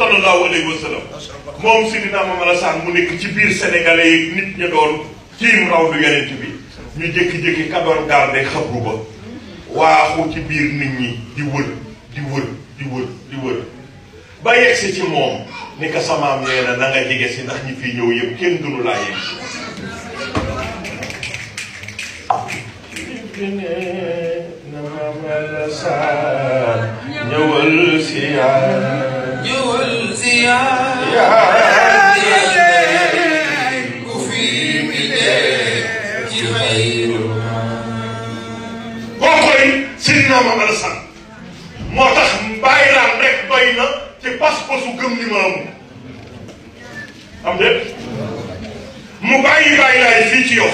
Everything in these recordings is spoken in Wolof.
sallallahu alayhi wa sallam moom Sidina Momar Assane mu nekk ci biir sénégalais yi nit ña doon tiim raw du yonent bi ñu jékki-jékki ka doon garde xabru ba waaxu ci biir nit ñi di wër di wër di wër ba yegsi ci moom ni ko samaam nee na jege si ndax ñi fi ñëw yëpp kenn gënu laa yegg moo mën a sant moo tax bàyyi laam rek doy na ci pas-pasu gëm ni ma amul am déet mu bàyyi bàyyi laay fii ci yow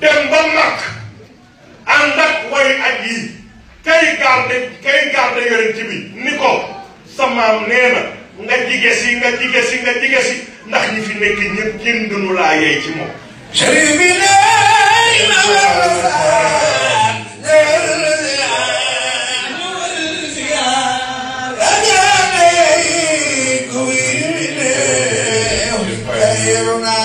dem ba mag ànd ak way aj yi kay garde kay garde yonent bi ni sa maam nee na nga jige si nga jige si nga jige si ndax ñi fi nekk ñëpp kenn gënu laa yey ci moom. sëriñ bi Thank you.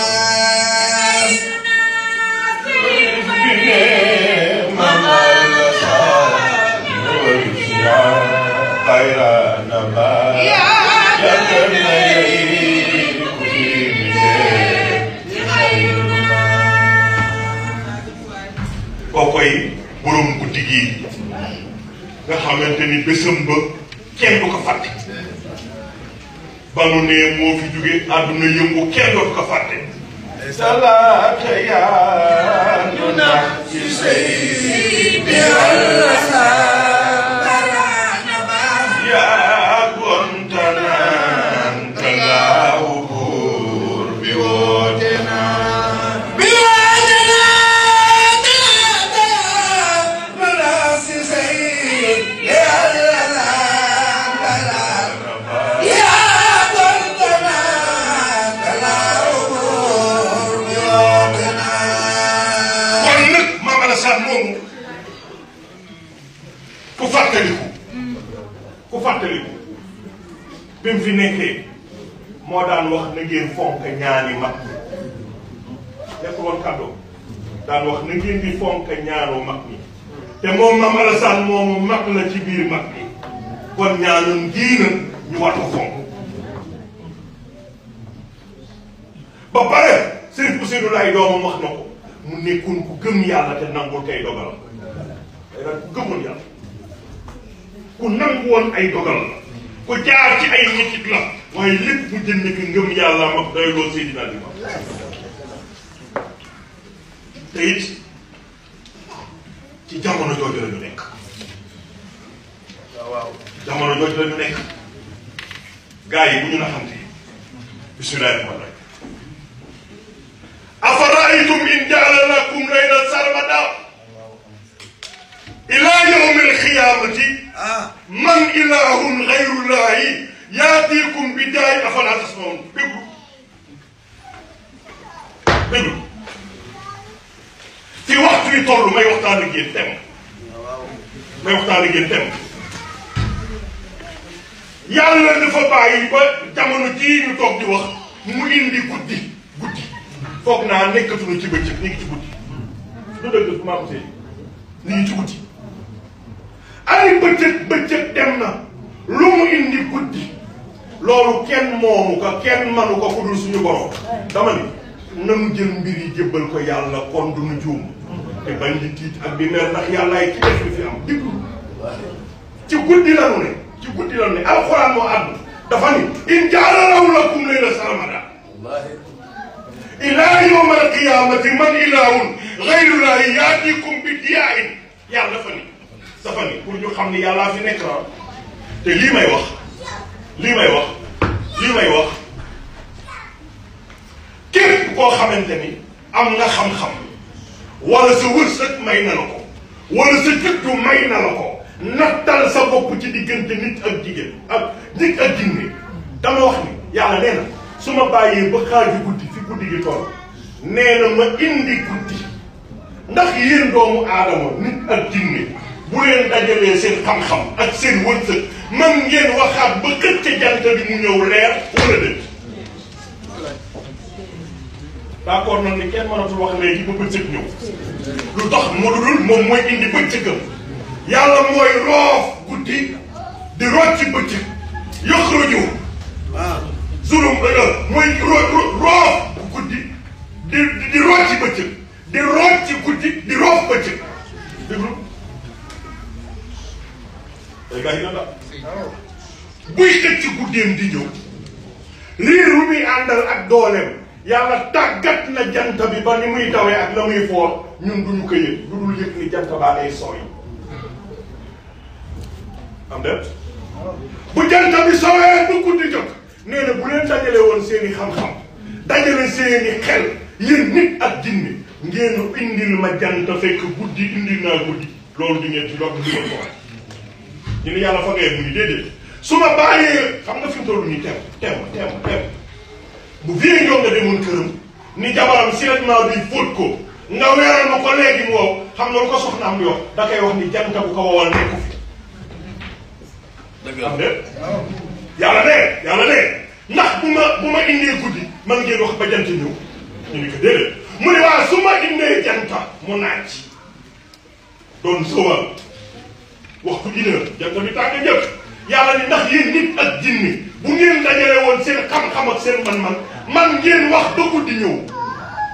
xamante ni bésam moo fi jóge àdduna yëngu kenn dootu ko fàtte salaata yaa nu na ci sey bi te ñaanoo mag ñi te moom Mame Alassane moomu mag la ci biir mag ñi kon ñaanam gii nag ñu watu ba pare Serigne Ousseynou Laye doomam wax na ko mu nekkoon ku gëm yàlla te nangu tey dogalam day daal ku gëmoon yàlla ku nangu woon ay dogal ku jaar ci ay ñetit la waaye lépp mu jënd ki ngëm yàlla mag doy loo Seydina Limamou te it ci jamono jooju la ñu nekk waaw jamono jooju la ñu nekk gars yi bu ñu la xam te bismillahi rahmani rahim afara'aytum in ja'ala lakum laylan sarmada ila yawm al-qiyamati man ilahun ghayru llahi yatikum bi da'i afala tasma'un fii waxtu wi toll may waxtaan ak yéen dem may waxtaan ak dem yàlla dafa bàyyi ba jamono jii ñu toog di wax mu indi guddi guddi foog naa nekkatuñu ci bëccëg ñu ngi ci ci guddi ay bëccëg bëccëg dem na lu mu indi guddi loolu kenn moomu ko kenn manu ko ku dul suñu borom dama ni nanu jël mbir yi jébbal ko yàlla kon du nu te bañ di tiit ak di mer ndax yàllaay ki def li fi am diglu ci guddi lanu ne ci guddi lanu ne alxuraan moo àddu dafa ni in jaala raw lakum layla sarmada ila yowma alqiyamati man ilahun gayrullahi yaatikum bi diyaain yàlla dafa ni dafa ni pour ñu xam ni yàllaa fi nekk la te lii may wax lii may wax lii may wax képp koo xamante ni am nga xam-xam wala sa wërsëg may na la ko wala sa juddu may na la ko nattal sa bopp ci diggante nit ak jigéen ak nit ak jinne dama wax ni yàlla nee na su ma bàyyee ba xaaju guddi fi guddi gi toll nee na ma indi guddi ndax yéen doomu aadama nit ak jinne bu leen dajalee seen xam-xam ak seen wërsëg man ngeen waxaat ba xëcc jant bi mu ñëw leer wala dëgg d'accord noonu ni kenn mënatul wax léegi ba bëccëg ñëw lu tax mu dul moom mooy indi bëccëgam yàlla mooy roof guddi di rocc bëccëg yaxruju ah. zulum mooy roof guddi di di bëccëg di rocc guddi di roof bëccëg déglu day gaa yi na la ah. buy tëj di ñëw lii ru muy àndal ak dooleem yàlla tàggat na jant bi ba ni muy dawee ak la muy foor ñun duñu ko yëg lu dul yëg ni jant baa day sooy am de bu jant bi sooyee du guddi jot nee na bu leen dajale seeni xam-xam dajale seeni xel yéen nit ak jinne ngeen indil ma jant fekk guddi indil naa guddi loolu di ci loolu di ngeen ko wax ñu yàlla fa ngay muy déedéet su ma bàyyee xam nga fi mu nii teew teew teew bu vieux ñoo nga demoon këram ni jabaram siretment bi fóot ko nga weeral ma ko léegi moo xam nga lu ko soxnaam yor da koy wax ni jant bu ko wowal nekku fi. dëgg la am déet yàlla de yàlla bu ma bu ma indee guddi man ngeen wax ba jant ñëw ñu ni ko déedéet mu ne waa su ma indee janta mu naaj doon sowal waxtu bi dina jant bi tàng jëf yàlla ni ndax yéen nit ak jinni bu ngeen dajale woon seen xam-xam ak seen man-man. man ngeen wax ba di ñëw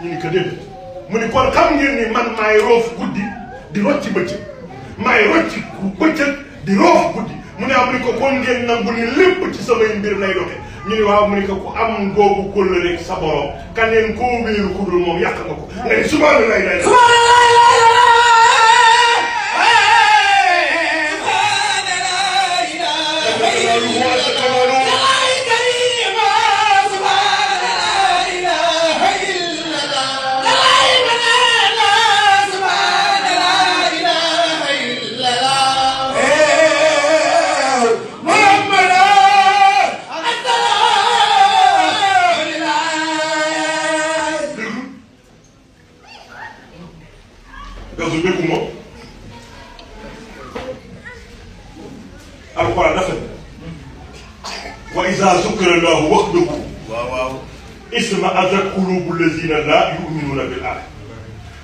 ñu ni ko déedéet mu ni kon xam ngeen ni man maay roof guddi di rocci bëccëg maay rocci bëccëg di roof guddi mu ne am ni ko kon ngeen nangu ni lépp ci samay mbir lay doxe ñu ne waaw mu ne ko ku am googu kóllëre sa borom ka neen koo wéeru ku moom yàq nga ko nga ni subhaanallahi اسم اذا قلوب الذين لا يؤمنون بالآخرة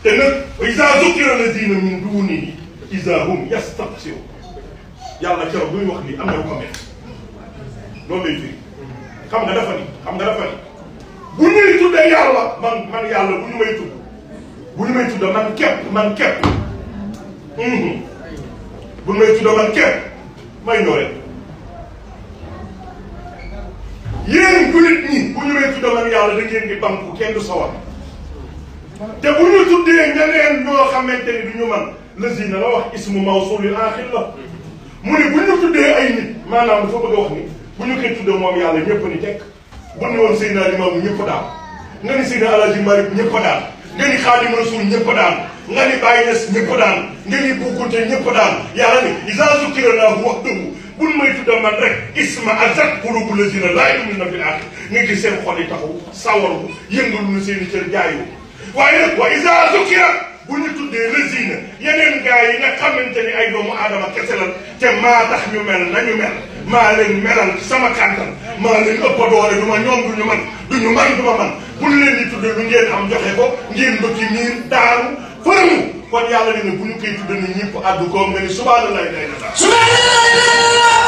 تنم وإذا ذكر الذين من دونه إذا هم يستقسرون يا الله كي ربي وخلي أما هو كمان يعني؟ لو بيجي كم غدفني كم غدفني بني تود يا الله من من يا الله بني ما يتود بني ما يتود من كيف من كيف بني ما يتود من كيف ما ينوره yéen gulit ñi bu ñu leen tuddal ak yàlla da ngeen di banku kenn du sawar te bu ñu tuddee ñeneen ñoo xamante ni du ñu man lazina la wax ismu mawsulil axir la mu ne bu ñu tuddee ay nit maanaam dafa bëgg a wax ni bu ñu koy tuddee yàlla ñëpp ni tekk bu ñu woon Seydina Limaamu ñëpp daal nga ni Seydina Alaaji Maalik ñëpp daal nga ni Xaadimu Rasuul ñëpp daal nga ni Baay Ñas ñëpp daal nga ni Bukunte ñëpp daal yàlla ni iza zukira laahu wahdahu buñ may tudda man rek gis ma azat bulubu la dina laa yumin na fi axir nga gis seen xol yi taxaw sawaru yëngalu na seen i cër jaayu waaye nag wa isa zukira bu ñu tuddee lësina yeneen gaa yi nga xamante ni ay doomu aadama kese la te maa tax ñu mel nañu mel maa leen melal sama kàntan maa leen ëpp du ma ñoom du ñu man du ñu man du ma man buñ leen di tuddee lu ngeen am joxe ko ngeen bëgg miin daaru fërëmu kon yàlla ne ne bu ñu koy tuddee ne ñëpp àddu koom nga ni subhanallah day na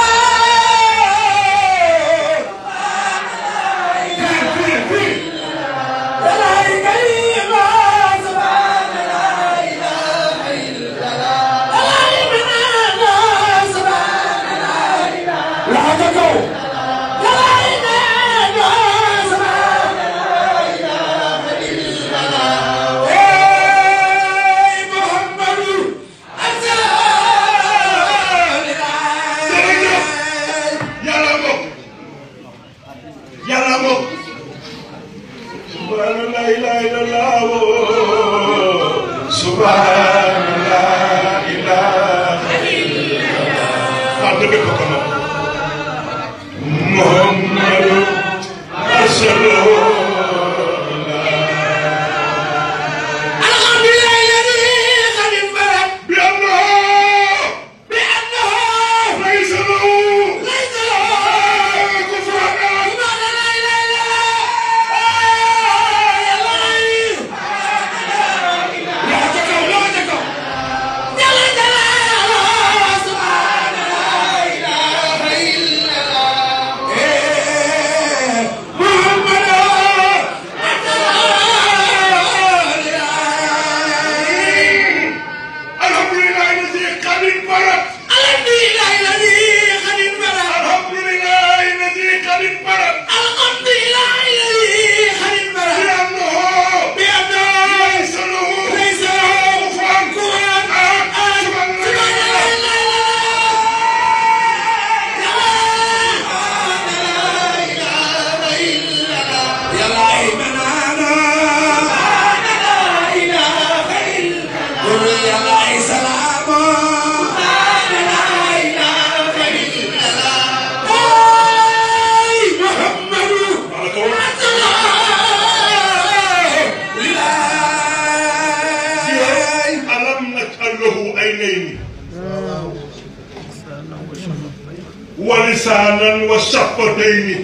wa shaffatayni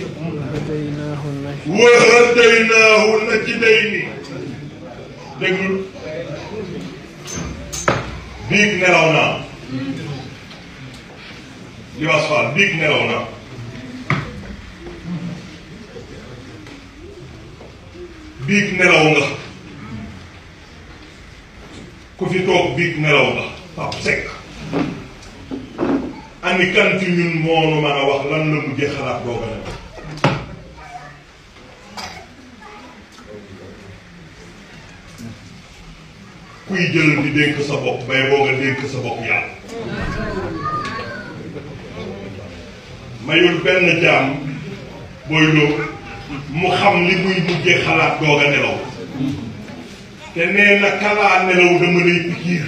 wa hadaynaahu najdayni déglu biig nelaw naa li wax faal biig nelaw naa biig nelaw nga ku fi toog biig nelaw nga Pape xam ni kan ci kuy jël di dénk sa bopp bay boo dénk sa bopp yàlla mayul benn jaam booy loo mu xam li muy mujjee xalaat doog nelaw te nee na kalaa nelaw dama lay pikiir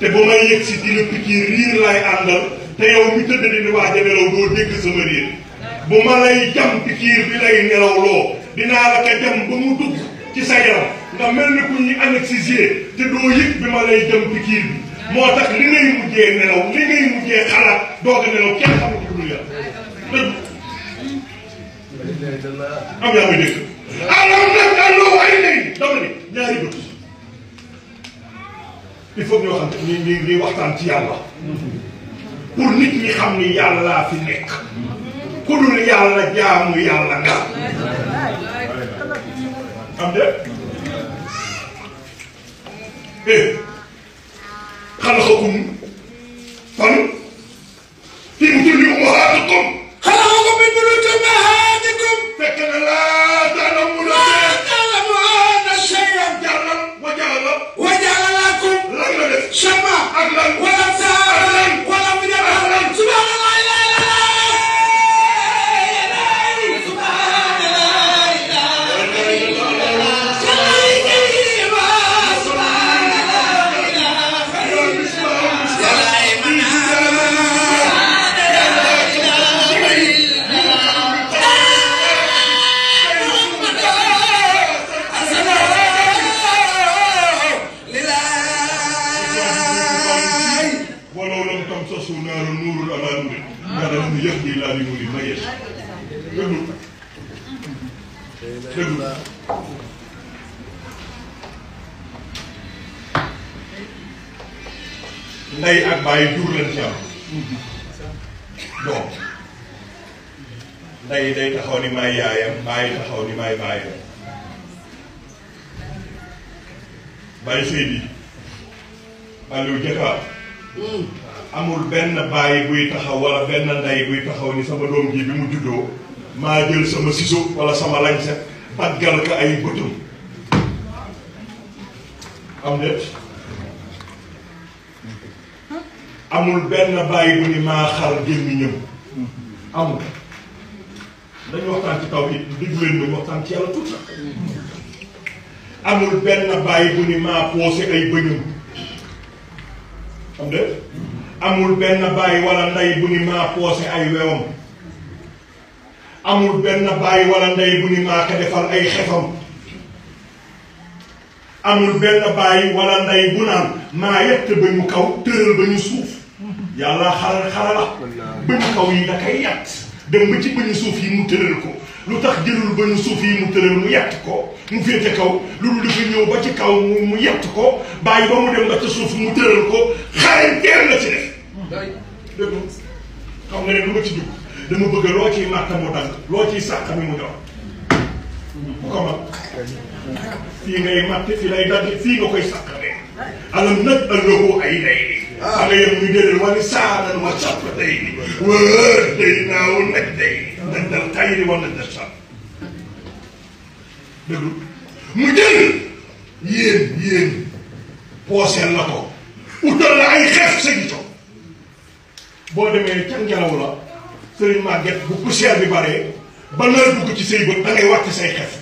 te bu may yëg si di la pikiir riir àndal te yow mi tëdd di waaj a nelaw doo dégg sama riir bu ma lay jam ci bi lay nelaw loo dinaa la ko jam ba mu dugg ci sa nga mel ni ku ñu anesthésié te doo yëg bi ma lay jam ci bi moo tax li ngay mujjee nelaw li ngay mujjee xalaat doo ko nelaw kenn xamul ko dul yàlla dëgg am yaa may dégg alors nag alloo ay léegi dama ni ñaari bët il faut ni ni waxtaan ci yàlla pour nit ñi xam ni yàlla laa fi nekk ku dul yàlla jaamu yàlla nga am de eh xalaxakum kon fi mu tulli ummahaatikum xalaxakum min buyuuti ummahaatikum fekk na bii laa limul yi ma yees déglu déglu ndey ak bàyyi jur lañ ci am doom ndey day taxaw ni may yaayam bàyyi taxaw ni may bàyyam bàyyi sëy bi bàyyi jëkkaar amul ben baye buy taxaw wala ben nday buy taxaw ni sama dom gi bi mu juddo ma jël sama sisu, wala sama lañse daggal ka ay bëttum am det amul ben baye bu ni maa xar gémmiñam amul dañu waxtaan ci taw yi diglu leen ñu waxtaan ci yalla tout amul ben baye bu ni ma posé ay bëñum am det amul benn bàyyi wala ndey bu ni maa poose ay wewam amul benn bàyyi wala ndey bu ni maa ko defal ay xefam amul benn bàyyi wala ndey bu naan maa yett ba ñu kaw tëral ba ñu suuf yàlla xaral xarala ba ñu kaw yi da kay yàtt dem ba ci ba ñu suuf yi mu tëral ko lu tax jëlul ba nu suuf yi mu tëral mu yett ko mu féete kaw loolu dafa ñëw ba ci kaw mu yett ko bàyyi ba mu dem ba ci suuf mu tëral ko xare teer la ci def dégg xam nga ne lu ma ci dugg dama bëgg loo ciy màtta mu dang loo ciy sàq mi mu ñor bu ko mag fii ngay màtte fii lay dagg fii nga koy sàq alam nag allahu ay day ala yem ñu déedéet wala saadal ma sàpp day wër day naaw nag day dal tayri wala dal sàmm déglu mu jël yéen yéen pooseel la ko utal la ay xeef sa gito boo demee ca ngelaw la sëriñ màgget bu poussière bi baree ba nar dugg ci say bët da ngay wàcc say xef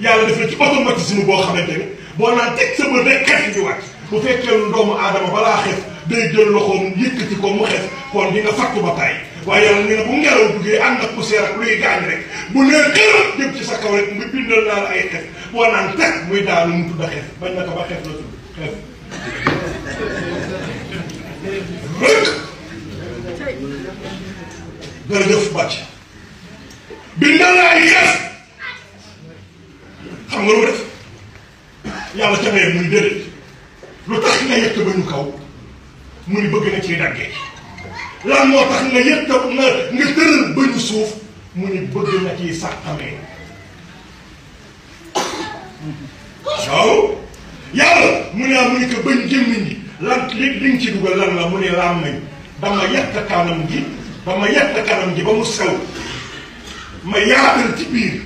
yàlla def na ci automatisme boo xamante ni boo naan teg sa bët rek xef di wàcc bu fekkee lu doomu aadama balaa xef day jël loxoom yëkkati mu xef kon di nga fàttu ba tàyyi waaye yàlla nee na bu ngelaw duggee ànd ak poussière ak luy gaañ rek bu nee xeeral jëm ci sa kaw rek nga bindal naa la ay xef boo naan teg muy daanu mu tudd xef bañ na ko ba xef la tudd xef rëkk jërëjëf bàcc bindal la ay xef xam nga lu mu def yàlla ca muy déedéet lu tax nga yëkk ba ñu kaw mu ni bëgg na ciy daggee lan moo tax nga yëg nga nga tëral bëñu suuf mu ni bëgg na ciy sàqamee waaw yàlla mu ne ah, mu ne ko bañ gémmiñ gi lan li li ci dugal lan la mu ne laam nañ dama yett kanam gi ba ma yett kanam gi ba mu sew ma yaatal ci biir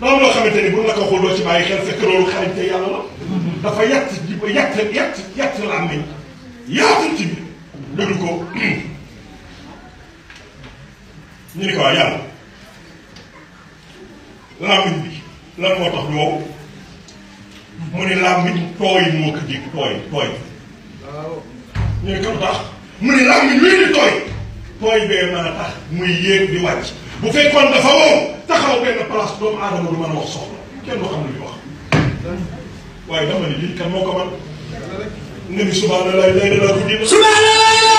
dama loo xamante ni bu la ko doo ci bàyyi xel fekk loolu xarañte yàlla la dafa yett ji ba yett yett yett laam nañ dund ko ñu ni ko waaw yàlla làmmiñ bi lan moo tax doo mu ni làmmiñ tooy moo ko dégg tooy tooy ñu ni ko tax mu ni làmmiñ wii di tooy tooy bee mën a tax muy yéeg di wàcc bu fekkoon dafa wow taxaw benn place doomu aadama du mën a wax soxla kenn du xam lu ñu wax waaye dama ni lii kan moo ko man nabi subhanallah lay lay la ko jël subhanallah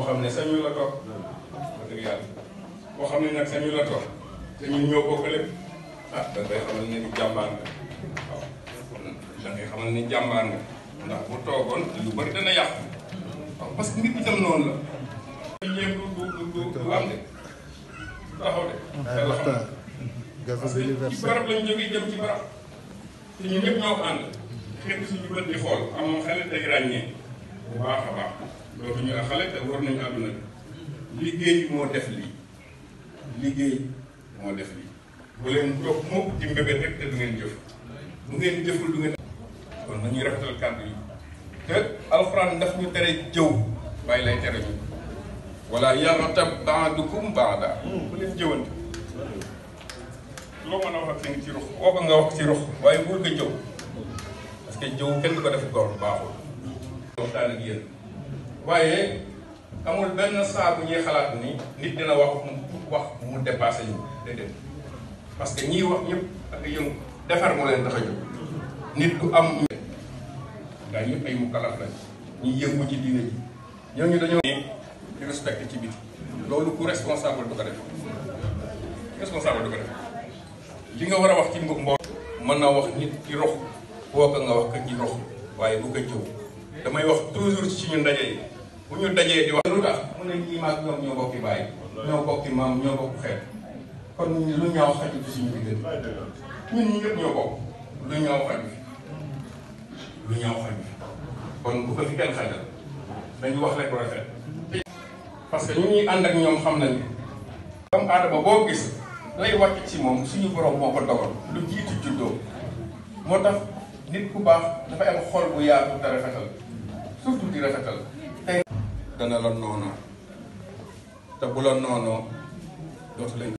koo xam ne sañu la toog wax dëgg yàlla koo xam ne nag sañu la toog te ñun ñoo bokk lépp ah da ngay xamal ne jàmbaar nga waaw da ngay xamal ne jàmbaar nga ndax bu toogoon lu bari dana yàqu waaw parce que mbir itam noonu la. ñëpp du du du du am de taxaw de. ay de l'hiver barab lañ jógee jëm ci barab te ñun ñëpp ñoo ko ànd suñu bët di xool amoon xale day ràññee bu baax a baax dootuñu ak xale te war nañu àdduna bi liggéey moo def lii liggéey moo def lii bu leen toog mukk di mbébét rek te du ngeen jëf bu ngeen jëful du ngeen kon nañuy rafetal kàddu yi te alxuraan daf ñu tere jëw bàyyi lay tere ñu wala yartab baadukum baada bu leen jëwante loo mën a wax ak ci rux woo ko nga wax ci rux waaye bul ko jëw parce que jëw kenn du ko def góor baaxul waxtaan ak yéen waaye amul benn saa bu ñuy xalaat nii nit dina wax mu wax mu dépassé ñu déedéet parce que ñiy wax ñëpp ak yëngu defar moo leen tax nit du am. daa ñëpp ay mukallaf lañ ñuy yëngu ci diine ji ñooñu dañoo ne respecté ci biir loolu ku responsable du ko def responsable du ko def li nga war a wax ci mboq mboq mën na wax nit ki rox kooka nga wax ka ci rox waaye bu ko damay wax toujours ci ñun ndaje bu ñu dajee di wax lutax mu ne ñii maag ñom ñoo bokki bay ñoo bokki mam ñoo bokku xet kon lu ñaw xaju ci suñu diggante ñun ñi ñëpp ñoo bok lu ñaw xaju lu ñaw xaju kon bu ko fi kenn xajal dañ wax rek rafet parce que ñu ñuy ànd ak ñom xam nañu doomu adama bo gis lay wacc ci mom suñu borom moko dogal lu jitu juddo motax nit ku baax dafa am xol bu yaatu te rafetal surtout di rafetal tey dana la noonoo te bu la noonoo dootu leen